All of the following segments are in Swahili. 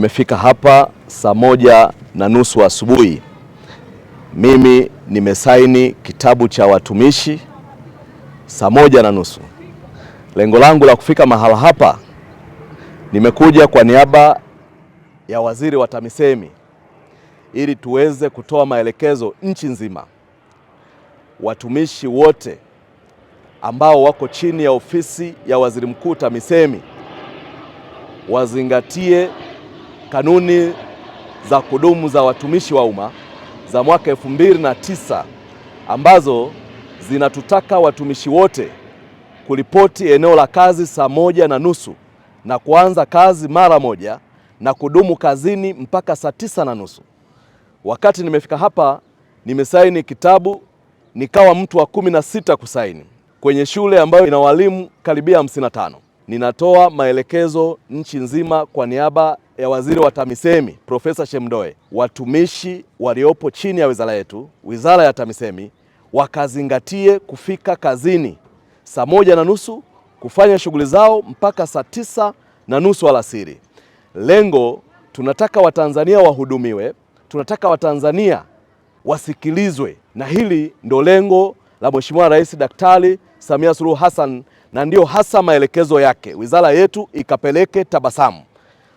Nimefika hapa saa moja na nusu asubuhi. Mimi nimesaini kitabu cha watumishi saa moja na nusu. Lengo langu la kufika mahala hapa, nimekuja kwa niaba ya waziri wa TAMISEMI ili tuweze kutoa maelekezo nchi nzima, watumishi wote ambao wako chini ya ofisi ya waziri mkuu TAMISEMI wazingatie kanuni za kudumu za watumishi wa umma za mwaka elfu mbili na tisa ambazo zinatutaka watumishi wote kulipoti eneo la kazi saa moja na nusu na kuanza kazi mara moja na kudumu kazini mpaka saa tisa na nusu. Wakati nimefika hapa nimesaini kitabu nikawa mtu wa kumi na sita kusaini kwenye shule ambayo ina walimu karibia 55. Ninatoa maelekezo nchi nzima kwa niaba ya waziri wa TAMISEMI Profesa Shemdoe, watumishi waliopo chini ya wizara yetu, wizara ya TAMISEMI, wakazingatie kufika kazini saa moja na nusu kufanya shughuli zao mpaka saa tisa na nusu alasiri. Lengo, tunataka Watanzania wahudumiwe, tunataka Watanzania wasikilizwe, na hili ndo lengo la Mheshimiwa Rais Daktari Samia Suluhu Hassan, na ndiyo hasa maelekezo yake wizara yetu ikapeleke tabasamu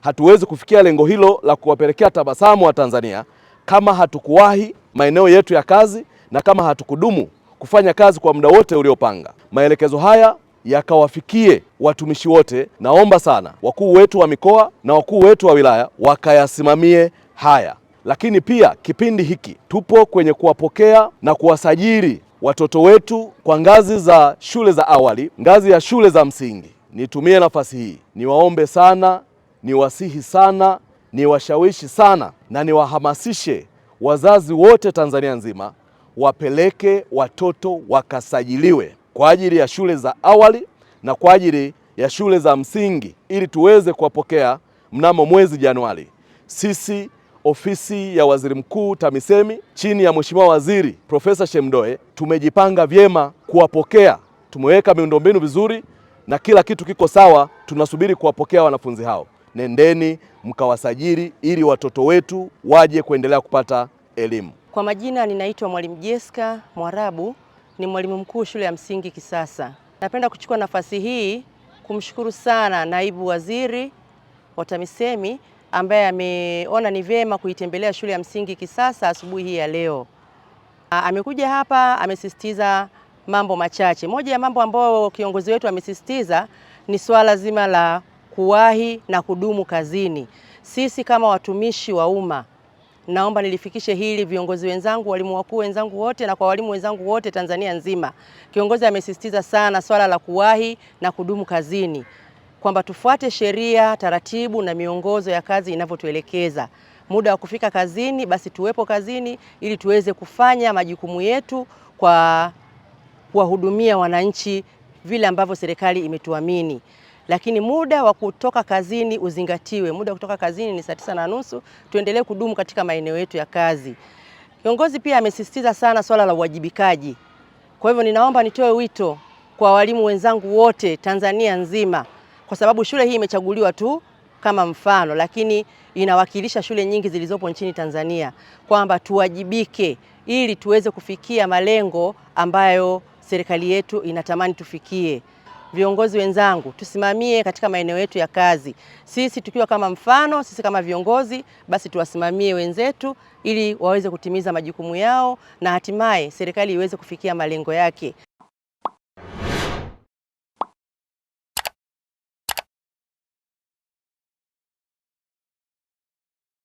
hatuwezi kufikia lengo hilo la kuwapelekea tabasamu wa Tanzania kama hatukuwahi maeneo yetu ya kazi na kama hatukudumu kufanya kazi kwa muda wote uliopanga. Maelekezo haya yakawafikie watumishi wote. Naomba sana wakuu wetu wa mikoa na wakuu wetu wa wilaya wakayasimamie haya, lakini pia kipindi hiki tupo kwenye kuwapokea na kuwasajili watoto wetu kwa ngazi za shule za awali, ngazi ya shule za msingi. Nitumie nafasi hii niwaombe sana niwasihi sana, niwashawishi sana na niwahamasishe wazazi wote Tanzania nzima wapeleke watoto wakasajiliwe kwa ajili ya shule za awali na kwa ajili ya shule za msingi ili tuweze kuwapokea mnamo mwezi Januari. Sisi ofisi ya Waziri Mkuu TAMISEMI chini ya Mheshimiwa Waziri Profesa Shemdoe tumejipanga vyema kuwapokea. Tumeweka miundombinu vizuri na kila kitu kiko sawa, tunasubiri kuwapokea wanafunzi hao nendeni mkawasajili ili watoto wetu waje kuendelea kupata elimu. Kwa majina ninaitwa Mwalimu Jeska Mwarabu, ni mwalimu mkuu shule ya msingi Kisasa. Napenda kuchukua nafasi hii kumshukuru sana naibu waziri wa TAMISEMI ambaye ameona ni vyema kuitembelea shule ya msingi Kisasa asubuhi hii ya leo. Amekuja hapa amesisitiza mambo machache. Moja ya mambo ambayo kiongozi wetu amesisitiza ni swala zima la kuwahi na kudumu kazini. Sisi kama watumishi wa umma, naomba nilifikishe hili viongozi wenzangu, walimu wakuu wenzangu wote, na kwa walimu wenzangu wote Tanzania nzima. Kiongozi amesisitiza sana swala la kuwahi na kudumu kazini, kwamba tufuate sheria, taratibu na miongozo ya kazi inavyotuelekeza. Muda wa kufika kazini, basi tuwepo kazini ili tuweze kufanya majukumu yetu kwa kuwahudumia wananchi vile ambavyo serikali imetuamini lakini muda wa kutoka kazini uzingatiwe. Muda wa kutoka kazini ni saa tisa na nusu. Tuendelee kudumu katika maeneo yetu ya kazi. Kiongozi pia amesisitiza sana swala la uwajibikaji. Kwa hivyo ninaomba nitoe wito kwa walimu wenzangu wote Tanzania nzima, kwa sababu shule hii imechaguliwa tu kama mfano, lakini inawakilisha shule nyingi zilizopo nchini Tanzania, kwamba tuwajibike ili tuweze kufikia malengo ambayo serikali yetu inatamani tufikie viongozi wenzangu, tusimamie katika maeneo yetu ya kazi. Sisi tukiwa kama mfano, sisi kama viongozi, basi tuwasimamie wenzetu ili waweze kutimiza majukumu yao na hatimaye serikali iweze kufikia malengo yake.